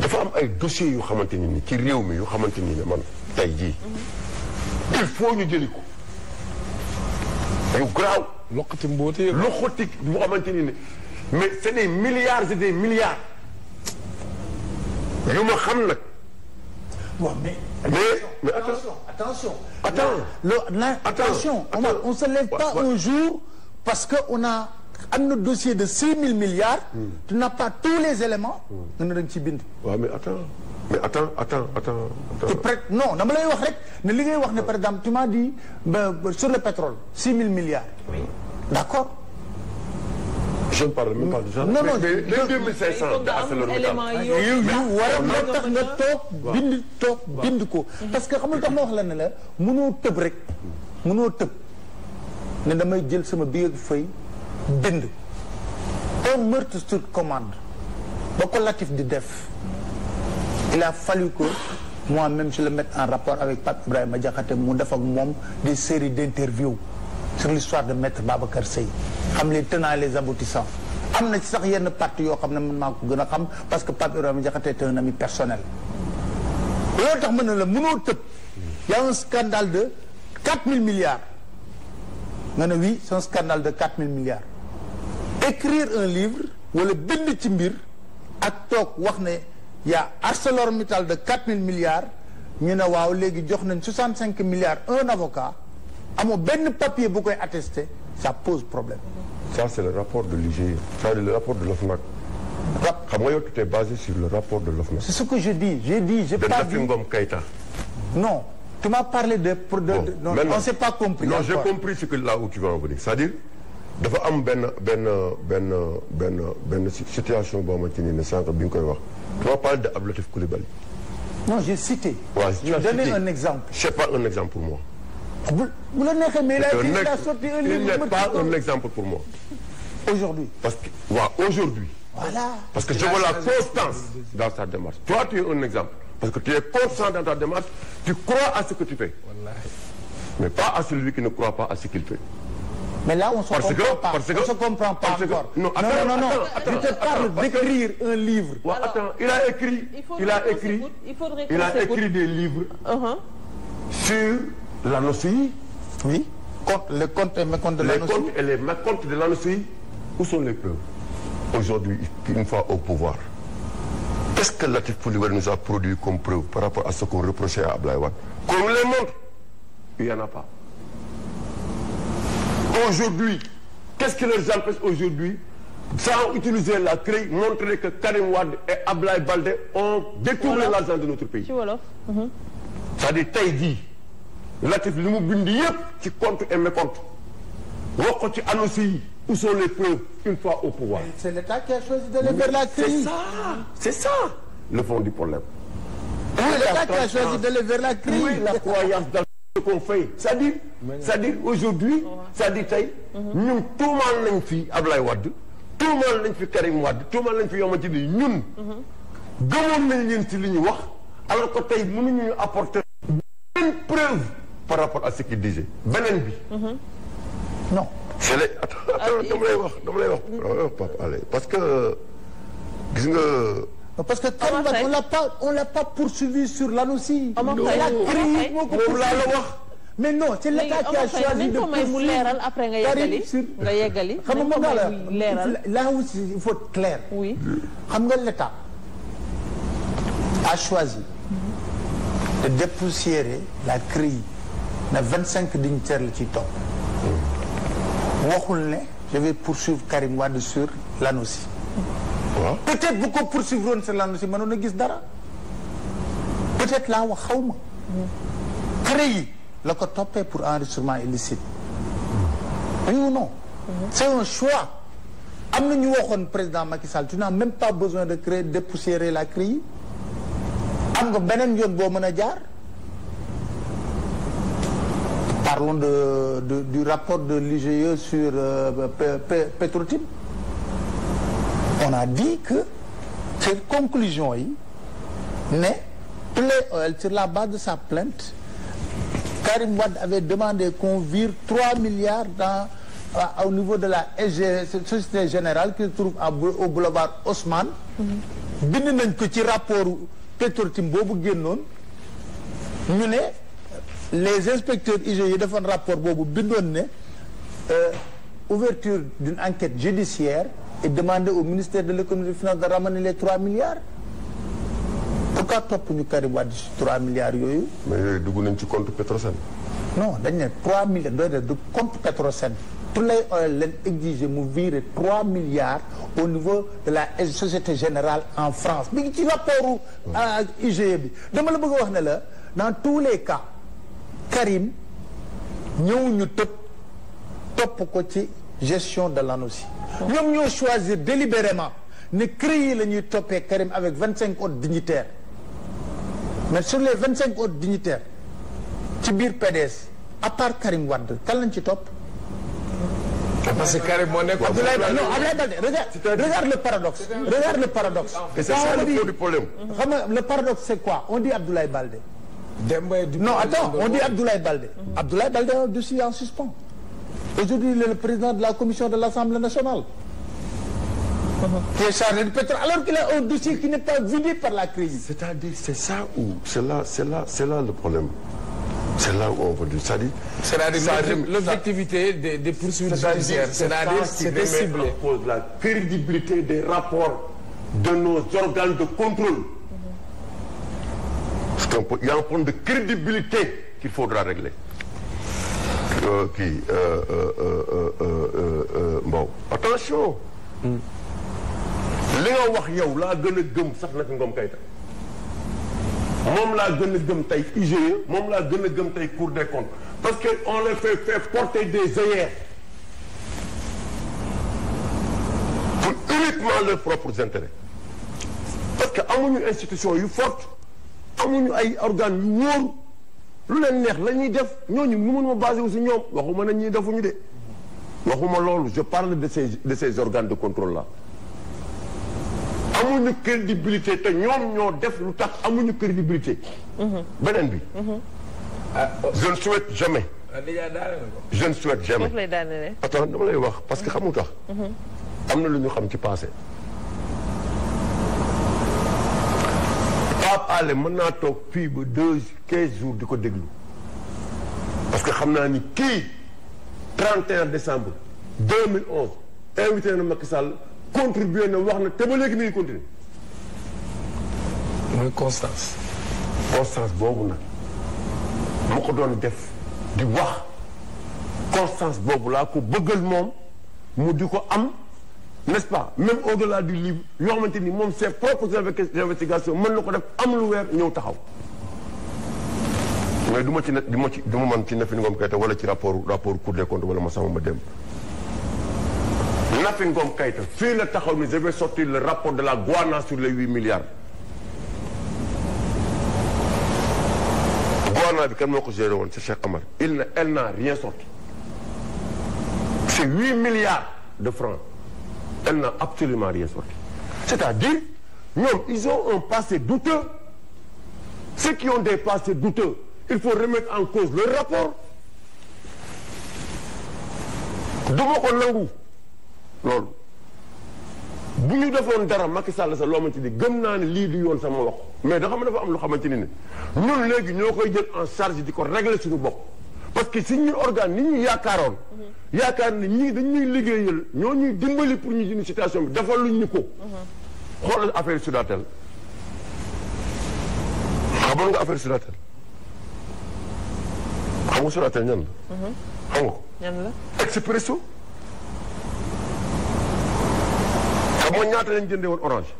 dafa am ay dossiers yu xamante ni ni ci réew mi yu xamante ni ne man tey jii. il faut ñu jëli ko. yu garaaw. loxoti mboote loxoti bu xamante ni ne mais c'est des milliards et des milliards. yu ma xam nag. waaw mais. mais attention attention. attention. attention on ne se lève pas un jour parce que on a. am na dossier de six mille milliards. Hmm. tu n'as pas tous les éléments. Hmm. nga ne da nga ciy bind. waaw mais attends mais lay wax rek ne li ngay wax ne par exemple tu m'as dit ba sur le pétrole six mille milliards. oui d'accord. je ne parle même pas a ah, moo tax nga toog ko. parce que xamul tax ma wax la ne la mënoo tëb rek mënoo tëb ne damay jël sama biir feuille. bind un meurtre sur commande ba ko di def il a fallu que moi-même je en rapport avec Pape a Diakhaté mu def ak moom des séries d'interviews sur l'histoire de maître Babacar Seye xam les tenants les aboutissants am na ci sax yenn parti yoo xam ne man maa ko gën a xam parce que Pape Ibrahima Diakhaté est un ami personnel loolu tax mën na la mënoo tëb y a un scandale de 4000 milliards nga ne oui c'est un scandale de 4000 milliards écrire un livre wala bind ci mbir ak toog wax ne yaa ArcelorMittal de 4000 milliards ñu ne waaw léegi jox nañ 65 milliards un avocat amoo benn papier bu koy attesté ça pose problème. ça c'est le rapport de l'IGE ça le rapport de l'OFNAC. xam nga yow tu t'es basé sur le rapport de l'OFNAC. c'est ce que je dis j'ai dit j'ai pas dit non tu m'as parlé de. de, non, s'est pas compris. non j'ai compris ce que là où tu vas en venir dafa am benn benn benn benn benn situation boo xamante ni ne sànq bi nga koy wax. tu vas parler de Abdoulatif Coulibaly. non j'ai cité. waaw ouais, un exemple. c'est pas un exemple pour moi. bu bu a, il a pour moi. aujourd'hui parce que waaw ouais, aujourd'hui voilà que je vois la constance dans sa démarche. toi tu es un exemple parce que tu es constant dans ta démarche tu crois à ce que tu fais. mais pas à celui qui ne croit pas à ce qu'il fait. mais là on se parce comprend que, pas parce que, on se comprend pas encore non, attends, non non non attends, je te parle d'écrire un livre ouais, alors, attends, il a écrit il, il a écrit il, il a écrit des livres uh -huh. sur la NOCI oui contre les comptes et mécomptes de la NOCI les comptes et les mécomptes de la NOCI où sont les preuves aujourd'hui une fois au pouvoir qu'est-ce que Latif Coulibaly nous a produit comme preuve par rapport à ce qu'on reprochait à Abdoulaye Wade qu'on nous les montre il n'y en a pas aujourd'hui qu'est-ce qui les empêche aujourd'hui sans utiliser la CREI montrer que Karim Wade et Ablaye Baldé ont détourné voilà. l'argent de notre pays voilà. Mhm. c'est-à-dire tey jii Latif li mu bind yëpp ci compte et mécompte wax ko ci annonce yi où sont les preuves une fois au pouvoir c'est l'État qui a choisi d'aller vers la CREI c'est ça le fond du problème oui, l'État qui a choisi d'aller vers la CREI qu'on fait cest sa dire c'est-à-dire aujourd'hui c'est-à-dire tey mhm. ñun tuumaal nañ fi Ablaye Wade tuumaal nañ fi Karim Wade tuumaal nañ fi yoo xamante ni ñun mhm. gëmoon nañ leen ci li ñu wax alors que tey mënuñu ñu apporter benn preuve par rapport à ce qu'il disait beneen bi mhm. non c'est la attends ah, dama lay wax dama lay wax dama parce que gis nga parce que Karim Wade on l'a pas on l'a pas poursuivi sur l'ANOCI. Omar Faye moom laa la wax. mais non c'est l'État qui a choisi de poursuivre après nga yeggali yeggali xam nga moom laa la là xam nga l'État a choisi de dépoussiérer la CREI na 25 dignitaires la ciy topp waxul ne je vais poursuivre Karim Wade sur l'ANOCI. waaw peut-être bu ko poursuivre woon seen lan si mënoon a gis dara peut-être laa wax xaw ma. xare la ko toppee pour enrichissement illicite. oui ou non. c'est un choix. am na ñu waxoon président Macky Sall tu n'as même pas besoin de créer dépoussiérer la CREI. am nga beneen yoon boo mën a jaar. parlons de, du rapport de l'IGE sur euh, Petrotim. on a dit que ces conclusions yi ne PLOL euh, sur la base de sa plainte Karim Wade avait demandé qu'on vire 3 milliards dans à, euh, au niveau de la SG Société Générale qui se trouve au boulevard Haussmann mm-hmm. bind nañ ko ci rapport Petrotim boobu génnoon ñu ne les inspecteurs IGE yi defoon rapport boobu bindoon ne euh, ouverture d'une enquête judiciaire et demander au ministère de l'économie et des finances de ramener les 3 milliards pourquoi topp ñu Karim Wade ci 3 milliards yooyu. mais yooyu dugg nañ ci compte Petrosen. non dañ ne 3 milliards doy na du compte Petrosen. Tullow Oil leen exiger mu virer 3 milliards au niveau de la Société Générale en France mi ngi ci rapportu ak euh, IGE bi dama la bëgg a wax ne la dans tous les cas Karim ñëw ñu tëb topp ko ci gestion de l'ANOCI. ñoom ñoo choisir délibérément ne CREI la ñuy toppee Karim avec vingt cinq autres dignitaires mais sur les vingt cinq autres dignitaires ci biir PDS à part Karim Wade kan lañ ci topp. Ah, parce que Karim moo nekk. Abdoulaye Balde non Abdoulaye Balde regarde regarde le paradoxe. regarde le paradoxe. et c'est ça xam nga le paradoxe c'est quoi on dit Abdoulaye Balde. Demba non attends on dit Abdoulaye Balde. Abdoulaye Balde est aussi en suspens. aujourd'hui il est le président de la commission de l'Assemblée nationale qui est chargé du pétrole alors qu'il a un dossier qui n'est pas vidé par la crise c'est-à-dire c'est ça là c'est là c'est là le problème c'est là où on veut dire c'est-à-dire l'objectivité des des poursuites judiciaires c'est-à-dire c'est remet en cause la crédibilité rapports de nos organes de contrôle mhm. il y a un problème de crédibilité qu'il faudra régler Euh, kii Mbow. Euh, euh, attention. Hmm. li nga wax yow laa gën a gëm sax nag Ngom Keïta moom laa gën a gëm tey IGE moom laa gën a gëm tey Cour des comptes parce que on les fait faire porter des œillères pour uniquement leurs propres intérêts parce que amuñu institution yu forte amuñu ay organes yu wóor. lu leen neex la ñuy def ñooñu nu mun ma basé wu si ñoom waxuma na def ñuy defuñu de waxuma loolu je parle de ces de ces organes de contrôle là amuñu crédibilité te ñoom ñoo def lu tax amuñu crédibilité beneen bi je ne souhaite jamais je ne souhaite jamais attends dama lay wax parce que xamu tax mhm. am na lu ñu xam ci passé ale mën naa toog fii ba deux quinze jours di ko déglu parce que xam naa ni kii 31 décembre 2011 invité na Macky Sall contribué na wax na te ba léegi mi ngi continué. mooy constance. constance boobu nag mu ko doon def di wax constance boobu laa ko bëggal moom mu di ko am. n'est-ce pas même au-delà du livre yoo xamante ni moom ses propres investigations mën na ko def am lu weer ñëw taxaw. mais du ma ci ne du ma ci du ma mën ci Nafi Ngom Keïta wala ci rapport rapport Cour des comptes wala Massamba Mademba. Nafi Ngom Keïta fii la taxaw ni je vais sortir le rapport de la Guana sur les huit milliards. Guana bi kan moo ko géré woon c'est Cheikh Amar il n'a elle n'a rien sorti. c'est huit milliards de francs. elle n'a absolument rien sorti c'est-à-dire ñoom ils ont un passé douteux ceux qui ont des passés douteux il faut remettre en cause leur rapport du ma ko nangu loolu bu ñu defoon dara Macky Sall sa loo xamante ni gëm naa ne lii di yoon sama wax mais da xam dafa am loo xamante ni ne ñun léegi ñoo koy jël en charge di ko régler suñu bopp parce que si ñu organe ni ñu yaakaaroon mhm. yaakaar ni ñii dañ ñuy liggéeyal ñoo ñuy dimbali pour ñu jënd situation bi defaluñ ñu ko. xoolal affaire Sudatel xam nga Sudatel ñan la. xam nga ko. ñan la Expresso. xam nga ñaata lañ jëndee woon orange.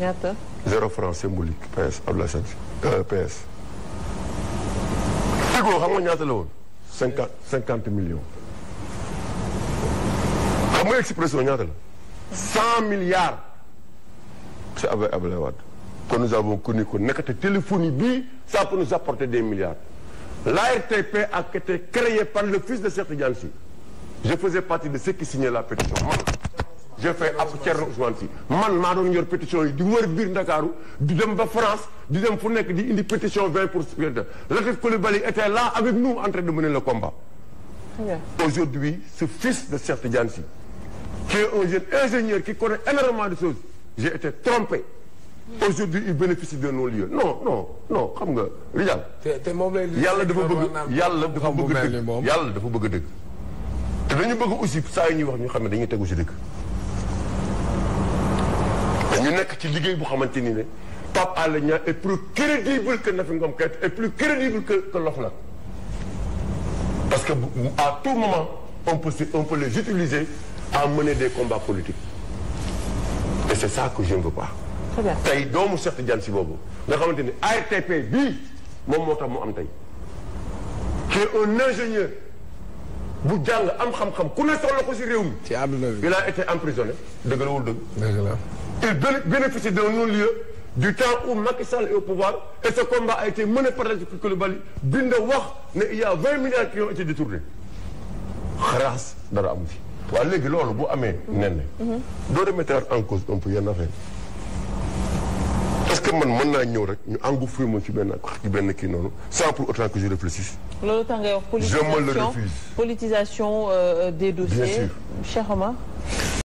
ñaata. zéro franc symbolique PS Abdoulaye Sadji euh, PS. Tigo xam nga ñaata la woon. cinquante cinquante xam nga expression ñaata la. milliards. c' est avec Abdoulaye Wade. kon nous avons connu ko nekkate téléphonie bii ça peut nous apporter des milliards. l'ARTP a été créé par le fils de Cheikh Tidiane Sy. je faisais partie de ceux qui signaient la pétition man. je fais ab Thierno man maa doon yor pétition yi di wër biir Ndakaaru di dem ba France di dem fu nekk di indi pétition 20 pour cent. Latif Coulibaly était là avec nous en de mener le combat. aujourd'hui ce fils de qui est un jeune ingénieur qui connaît énormément de choses j'ai été trompé aujourd'hui il bénéficie de nos lieux non non non xam nga Rijal yàlla dafa bëgg yàlla dafa bëgg dëgg yàlla dafa bëgg dëgg te dañu bëgg aussi saa ñuy wax ñu xam ne dañuy tegu si dëgg dañu nekk ci liggéey bu xamante ni ne Pape Alé Niang est plus crédible que Nafi Ngom Keïta est plus crédible que que Lofla parce que à tout moment on peut on peut les utiliser à mener des combats politiques et c'est ça que je ne veux pas. très doomu Cheikh Tidiane Sy boobu nga xamante ni ARTP bi moom moo tax mu am tey qui est un bu jàng am xam-xam ku ne soxla ko si réew mi. ci àdduna bi il a la wul dëgg. dëgg la il bénéficie d'un non-lieu du temps où Macky Sall au pouvoir et ce combat a été mené par Racine Coulibaly bind wax ne il y a 20 milliards qui ont détournés xaraas dara amu fi. waaw léegi loolu bu amee nen doo remettre en cause un peu yenn affaire est que man mën naa ñëw rek ñu engouffré moom ci benn ci benn kii noonu sans pour autant que je réfléchisse. loolu tax je me le refuse. politisation euh, euh, des dossiers. bien sûr